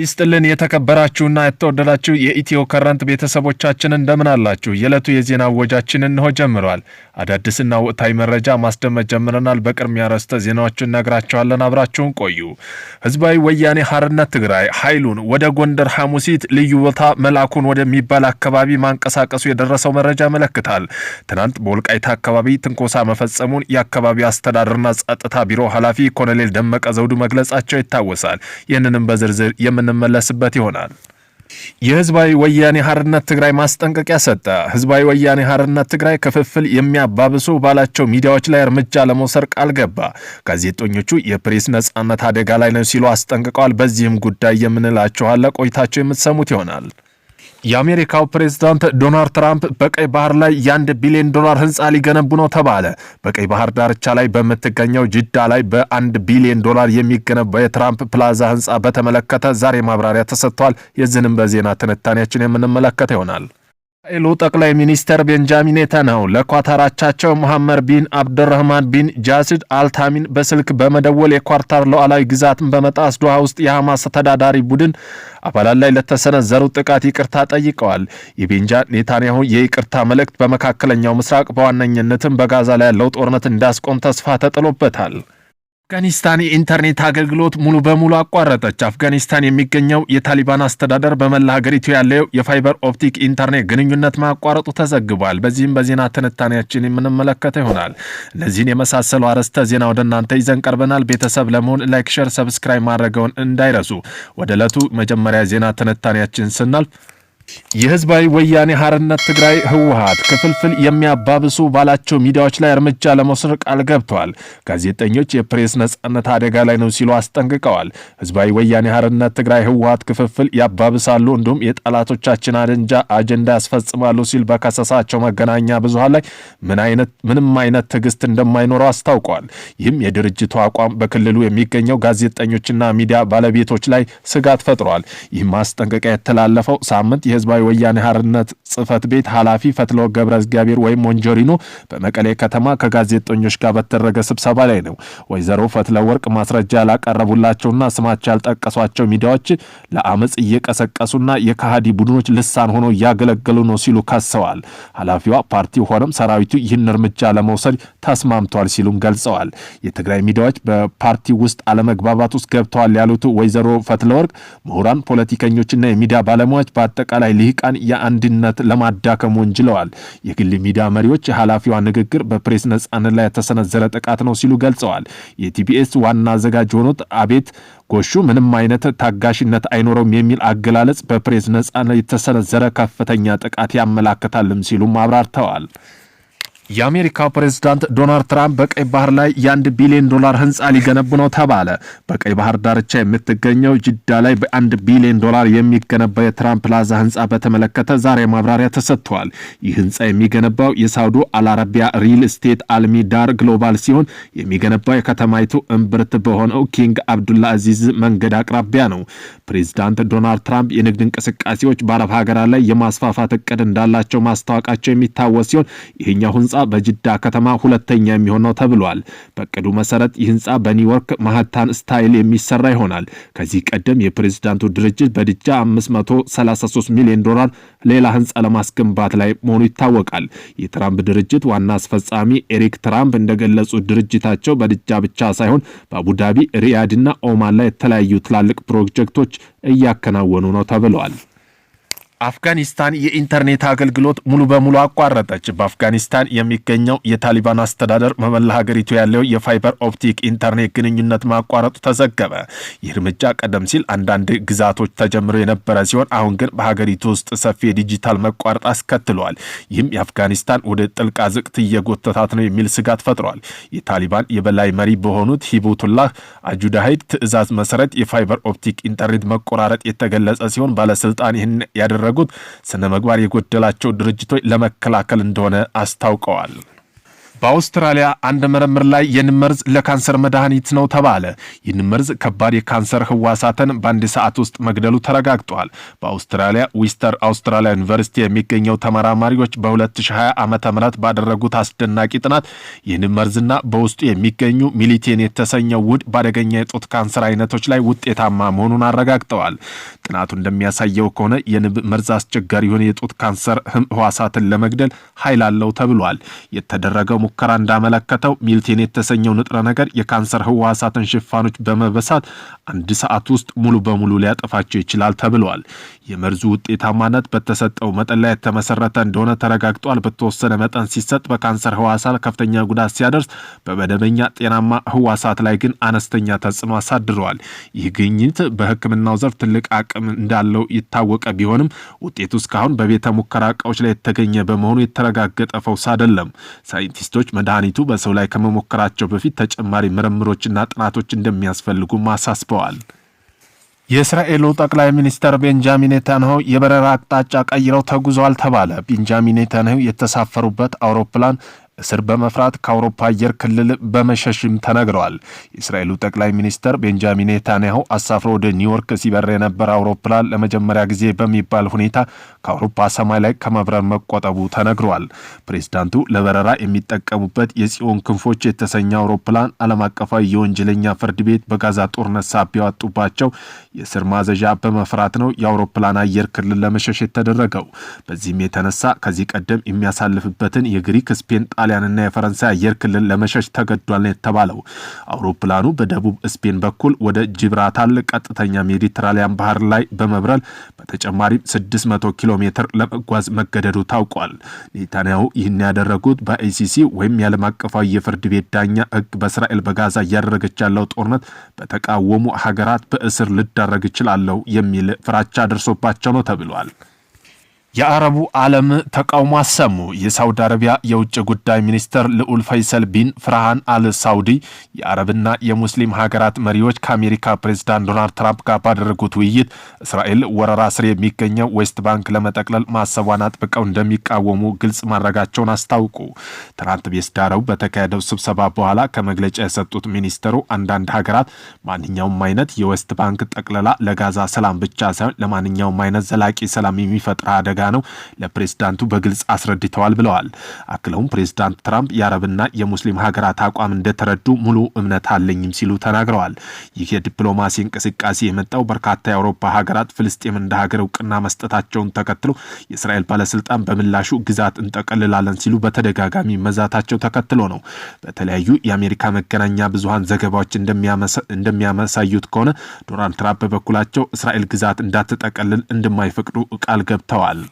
ይስጥልን የተከበራችሁና የተወደዳችሁ የኢትዮ ከረንት ቤተሰቦቻችን እንደምን አላችሁ? የዕለቱ የዜና ወጃችን እንሆ ጀምረዋል። አዳዲስና ወቅታዊ መረጃ ማስደመጥ ጀምረናል። በቅድሚያ ያረስተ ዜናዎችን እነግራችኋለን። አብራችሁን ቆዩ። ህዝባዊ ወያኔ ሀርነት ትግራይ ኃይሉን ወደ ጎንደር ሐሙሲት ልዩ ቦታ መልአኩን ወደሚባል አካባቢ ማንቀሳቀሱ የደረሰው መረጃ ያመለክታል። ትናንት በወልቃይታ አካባቢ ትንኮሳ መፈጸሙን የአካባቢው አስተዳደርና ጸጥታ ቢሮ ኃላፊ ኮሎኔል ደመቀ ዘውዱ መግለጻቸው ይታወሳል። ይህንንም በዝርዝር የምን የምንመለስበት ይሆናል። የህዝባዊ ወያኔ ሀርነት ትግራይ ማስጠንቀቂያ ሰጠ። ህዝባዊ ወያኔ ሀርነት ትግራይ ክፍፍል የሚያባብሱ ባላቸው ሚዲያዎች ላይ እርምጃ ለመውሰድ ቃል ገባ። ጋዜጠኞቹ የፕሬስ ነጻነት አደጋ ላይ ነው ሲሉ አስጠንቅቀዋል። በዚህም ጉዳይ የምንላችኋለ ቆይታቸው የምትሰሙት ይሆናል። የአሜሪካው ፕሬዝዳንት ዶናልድ ትራምፕ በቀይ ባህር ላይ የአንድ ቢሊዮን ዶላር ህንፃ ሊገነቡ ነው ተባለ። በቀይ ባህር ዳርቻ ላይ በምትገኘው ጅዳ ላይ በአንድ ቢሊዮን ዶላር የሚገነባው የትራምፕ ፕላዛ ህንፃ በተመለከተ ዛሬ ማብራሪያ ተሰጥቷል። የዚህንም በዜና ትንታኔያችን የምንመለከተ ይሆናል። እስራኤሉ ጠቅላይ ሚኒስትር ቤንጃሚን ኔታንያሁ ለኳታራቻቸው አቻቸው መሐመድ ቢን አብደራህማን ቢን ጃሲድ አልታሚን በስልክ በመደወል የኳርታር ሉዓላዊ ግዛትን በመጣስ ዶሃ ውስጥ የሐማስ ተዳዳሪ ቡድን አባላት ላይ ለተሰነዘሩ ጥቃት ይቅርታ ጠይቀዋል። የቤንጃ ኔታንያሁ የይቅርታ መልእክት በመካከለኛው ምስራቅ በዋነኝነትም በጋዛ ላይ ያለው ጦርነት እንዳስቆም ተስፋ ተጥሎበታል። አፍጋኒስታን የኢንተርኔት አገልግሎት ሙሉ በሙሉ አቋረጠች። አፍጋኒስታን የሚገኘው የታሊባን አስተዳደር በመላ ሀገሪቱ ያለው የፋይበር ኦፕቲክ ኢንተርኔት ግንኙነት ማቋረጡ ተዘግቧል። በዚህም በዜና ትንታኔያችን የምንመለከተው ይሆናል። እነዚህን የመሳሰሉ አርዕስተ ዜና ወደ እናንተ ይዘን ቀርበናል። ቤተሰብ ለመሆን ላይክ፣ ሸር፣ ሰብስክራይብ ማድረገውን እንዳይረሱ። ወደ ዕለቱ መጀመሪያ ዜና ትንታኔያችን ስናልፍ የህዝባዊ ወያኔ ሀርነት ትግራይ ህወሀት ክፍልፍል የሚያባብሱ ባላቸው ሚዲያዎች ላይ እርምጃ ለመውሰድ ቃል ገብተዋል። ጋዜጠኞች የፕሬስ ነጻነት አደጋ ላይ ነው ሲሉ አስጠንቅቀዋል። ህዝባዊ ወያኔ ሀርነት ትግራይ ህወሀት ክፍልፍል ያባብሳሉ፣ እንዲሁም የጠላቶቻችን አደንጃ አጀንዳ ያስፈጽማሉ ሲል በከሰሳቸው መገናኛ ብዙሀን ላይ ምንም አይነት ትዕግስት እንደማይኖረው አስታውቀዋል። ይህም የድርጅቱ አቋም በክልሉ የሚገኘው ጋዜጠኞችና ሚዲያ ባለቤቶች ላይ ስጋት ፈጥሯል። ይህም ማስጠንቀቂያ የተላለፈው ሳምንት የህዝባዊ ወያኔ ሓርነት ጽህፈት ቤት ኃላፊ ፈትሎ ገብረ እግዚአብሔር ወይም ሞንጆሪኖ በመቀሌ ከተማ ከጋዜጠኞች ጋር በተደረገ ስብሰባ ላይ ነው። ወይዘሮ ፈትለ ወርቅ ማስረጃ ያላቀረቡላቸውና ስማቸው ያልጠቀሷቸው ሚዲያዎች ለአመፅ እየቀሰቀሱና የካሃዲ ቡድኖች ልሳን ሆኖ እያገለገሉ ነው ሲሉ ከሰዋል። ኃላፊዋ ፓርቲው ሆነም ሰራዊቱ ይህን እርምጃ ለመውሰድ ተስማምተዋል ሲሉም ገልጸዋል። የትግራይ ሚዲያዎች በፓርቲ ውስጥ አለመግባባት ውስጥ ገብተዋል ያሉት ወይዘሮ ፈትለ ወርቅ ምሁራን፣ ፖለቲከኞችና የሚዲያ ባለሙያዎች በአጠቃላይ አጠቃላይ ልሂቃን የአንድነት ለማዳከም ወንጅለዋል። የግል ሚዲያ መሪዎች የኃላፊዋ ንግግር በፕሬስ ነጻነት ላይ የተሰነዘረ ጥቃት ነው ሲሉ ገልጸዋል። የቲቢኤስ ዋና አዘጋጅ የሆኑት አቤት ጎሹ ምንም አይነት ታጋሽነት አይኖረውም የሚል አገላለጽ በፕሬስ ነጻነት የተሰነዘረ ከፍተኛ ጥቃት ያመላክታልም ሲሉም አብራርተዋል። የአሜሪካው ፕሬዝዳንት ዶናልድ ትራምፕ በቀይ ባህር ላይ የአንድ ቢሊዮን ዶላር ህንፃ ሊገነቡ ነው ተባለ። በቀይ ባህር ዳርቻ የምትገኘው ጅዳ ላይ በአንድ ቢሊዮን ዶላር የሚገነባ የትራምፕ ፕላዛ ህንፃ በተመለከተ ዛሬ ማብራሪያ ተሰጥቷል። ይህ ህንፃ የሚገነባው የሳውዲ አልአረቢያ ሪል ስቴት አልሚ ዳር ግሎባል ሲሆን የሚገነባው የከተማይቱ እምብርት በሆነው ኪንግ አብዱላ አዚዝ መንገድ አቅራቢያ ነው። ፕሬዝዳንት ዶናልድ ትራምፕ የንግድ እንቅስቃሴዎች በአረብ ሀገራት ላይ የማስፋፋት እቅድ እንዳላቸው ማስታወቃቸው የሚታወስ ሲሆን ይህኛው ህንፃ በጅዳ ከተማ ሁለተኛ የሚሆነው ተብሏል። በቅዱ መሰረት ይህ ህንፃ በኒውዮርክ ማህታን ስታይል የሚሰራ ይሆናል። ከዚህ ቀደም የፕሬዚዳንቱ ድርጅት በድጃ 533 ሚሊዮን ዶላር ሌላ ህንፃ ለማስገንባት ላይ መሆኑ ይታወቃል። የትራምፕ ድርጅት ዋና አስፈጻሚ ኤሪክ ትራምፕ እንደገለጹት ድርጅታቸው በድጃ ብቻ ሳይሆን በአቡዳቢ ሪያድና ኦማን ላይ የተለያዩ ትላልቅ ፕሮጀክቶች እያከናወኑ ነው ተብለዋል። አፍጋኒስታን የኢንተርኔት አገልግሎት ሙሉ በሙሉ አቋረጠች። በአፍጋኒስታን የሚገኘው የታሊባን አስተዳደር መመላ ሀገሪቱ ያለው የፋይበር ኦፕቲክ ኢንተርኔት ግንኙነት ማቋረጡ ተዘገበ። ይህ እርምጃ ቀደም ሲል አንዳንድ ግዛቶች ተጀምሮ የነበረ ሲሆን አሁን ግን በሀገሪቱ ውስጥ ሰፊ የዲጂታል መቋረጥ አስከትሏል። ይህም የአፍጋኒስታን ወደ ጥልቅ አዘቅት እየጎተታት ነው የሚል ስጋት ፈጥሯል። የታሊባን የበላይ መሪ በሆኑት ሂቡቱላህ አጁዳሂድ ትዕዛዝ መሰረት የፋይበር ኦፕቲክ ኢንተርኔት መቆራረጥ የተገለጸ ሲሆን ባለስልጣን ይህን ያደረገ ያደረጉት ስነ ምግባር የጎደላቸው ድርጅቶች ለመከላከል እንደሆነ አስታውቀዋል። በአውስትራሊያ አንድ ምርምር ላይ ይህን መርዝ ለካንሰር መድኃኒት ነው ተባለ። ይህን መርዝ ከባድ የካንሰር ህዋሳትን በአንድ ሰዓት ውስጥ መግደሉ ተረጋግጧል። በአውስትራሊያ ዊስተር አውስትራሊያ ዩኒቨርሲቲ የሚገኘው ተመራማሪዎች በ2020 ዓ ም ባደረጉት አስደናቂ ጥናት ይህን መርዝና በውስጡ የሚገኙ ሚሊቴን የተሰኘው ውድ በአደገኛ የጡት ካንሰር አይነቶች ላይ ውጤታማ መሆኑን አረጋግጠዋል። ጥናቱ እንደሚያሳየው ከሆነ የንብ መርዝ አስቸጋሪ የሆነ የጡት ካንሰር ህዋሳትን ለመግደል ኃይል አለው ተብሏል። የተደረገው ሙከራ እንዳመለከተው ሚልቴን የተሰኘው ንጥረ ነገር የካንሰር ህዋሳትን ሽፋኖች በመበሳት አንድ ሰዓት ውስጥ ሙሉ በሙሉ ሊያጠፋቸው ይችላል ተብለዋል። የመርዙ ውጤታማነት በተሰጠው መጠን ላይ የተመሰረተ እንደሆነ ተረጋግጧል። በተወሰነ መጠን ሲሰጥ በካንሰር ህዋሳት ከፍተኛ ጉዳት ሲያደርስ፣ በመደበኛ ጤናማ ህዋሳት ላይ ግን አነስተኛ ተጽዕኖ አሳድረዋል። ይህ ግኝት በህክምናው ዘርፍ ትልቅ አቅም እንዳለው ይታወቀ ቢሆንም ውጤቱ እስካሁን በቤተ ሙከራ እቃዎች ላይ የተገኘ በመሆኑ የተረጋገጠ ፈውስ አይደለም። ሳይንቲስቶች መድኃኒቶች መድኃኒቱ በሰው ላይ ከመሞከራቸው በፊት ተጨማሪ ምርምሮችና ጥናቶች እንደሚያስፈልጉም አሳስበዋል። የእስራኤሉ ጠቅላይ ሚኒስትር ቤንጃሚን ኔታንያሁ የበረራ አቅጣጫ ቀይረው ተጉዘዋል ተባለ። ቤንጃሚን ኔታንያሁ የተሳፈሩበት አውሮፕላን እስር በመፍራት ከአውሮፓ አየር ክልል በመሸሽም ተነግረዋል። የእስራኤሉ ጠቅላይ ሚኒስተር ቤንጃሚን ኔታንያሁ አሳፍሮ ወደ ኒውዮርክ ሲበር የነበረ አውሮፕላን ለመጀመሪያ ጊዜ በሚባል ሁኔታ ከአውሮፓ ሰማይ ላይ ከመብረር መቆጠቡ ተነግረዋል። ፕሬዚዳንቱ ለበረራ የሚጠቀሙበት የጽዮን ክንፎች የተሰኘ አውሮፕላን ዓለም አቀፋዊ የወንጀለኛ ፍርድ ቤት በጋዛ ጦርነት ሳቢያ ያወጡባቸው የእስር ማዘዣ በመፍራት ነው የአውሮፕላን አየር ክልል ለመሸሽ የተደረገው። በዚህም የተነሳ ከዚህ ቀደም የሚያሳልፍበትን የግሪክ ስፔን የጣሊያንና የፈረንሳይ አየር ክልል ለመሸሽ ተገዷል የተባለው አውሮፕላኑ በደቡብ ስፔን በኩል ወደ ጅብራታል ቀጥተኛ ሜዲትራሊያን ባህር ላይ በመብረል በተጨማሪም 600 ኪሎ ሜትር ለመጓዝ መገደዱ ታውቋል። ኔታንያሁ ይህን ያደረጉት በአይሲሲ ወይም የዓለም አቀፋዊ የፍርድ ቤት ዳኛ ሕግ በእስራኤል በጋዛ እያደረገች ያለው ጦርነት በተቃወሙ ሀገራት በእስር ልዳረግ እችላለሁ የሚል ፍራቻ ደርሶባቸው ነው ተብሏል። የአረቡ ዓለም ተቃውሞ አሰሙ። የሳውዲ አረቢያ የውጭ ጉዳይ ሚኒስትር ልዑል ፈይሰል ቢን ፍርሃን አል ሳውዲ የአረብና የሙስሊም ሀገራት መሪዎች ከአሜሪካ ፕሬዝዳንት ዶናልድ ትራምፕ ጋር ባደረጉት ውይይት እስራኤል ወረራ ስር የሚገኘው ዌስት ባንክ ለመጠቅለል ማሰቧን አጥብቀው እንደሚቃወሙ ግልጽ ማድረጋቸውን አስታውቁ። ትናንት ቤስዳረው በተካሄደው ስብሰባ በኋላ ከመግለጫ የሰጡት ሚኒስትሩ አንዳንድ ሀገራት ማንኛውም አይነት የዌስት ባንክ ጠቅለላ ለጋዛ ሰላም ብቻ ሳይሆን ለማንኛውም አይነት ዘላቂ ሰላም የሚፈጥር አደጋ ነው ለፕሬዝዳንቱ በግልጽ አስረድተዋል ብለዋል። አክለውም ፕሬዝዳንት ትራምፕ የአረብና የሙስሊም ሀገራት አቋም እንደተረዱ ሙሉ እምነት አለኝም ሲሉ ተናግረዋል። ይህ የዲፕሎማሲ እንቅስቃሴ የመጣው በርካታ የአውሮፓ ሀገራት ፍልስጤም እንደ ሀገር እውቅና መስጠታቸውን ተከትሎ የእስራኤል ባለስልጣን በምላሹ ግዛት እንጠቀልላለን ሲሉ በተደጋጋሚ መዛታቸው ተከትሎ ነው። በተለያዩ የአሜሪካ መገናኛ ብዙሀን ዘገባዎች እንደሚያመሳዩት ከሆነ ዶናልድ ትራምፕ በበኩላቸው እስራኤል ግዛት እንዳትጠቀልል እንደማይፈቅዱ ቃል ገብተዋል።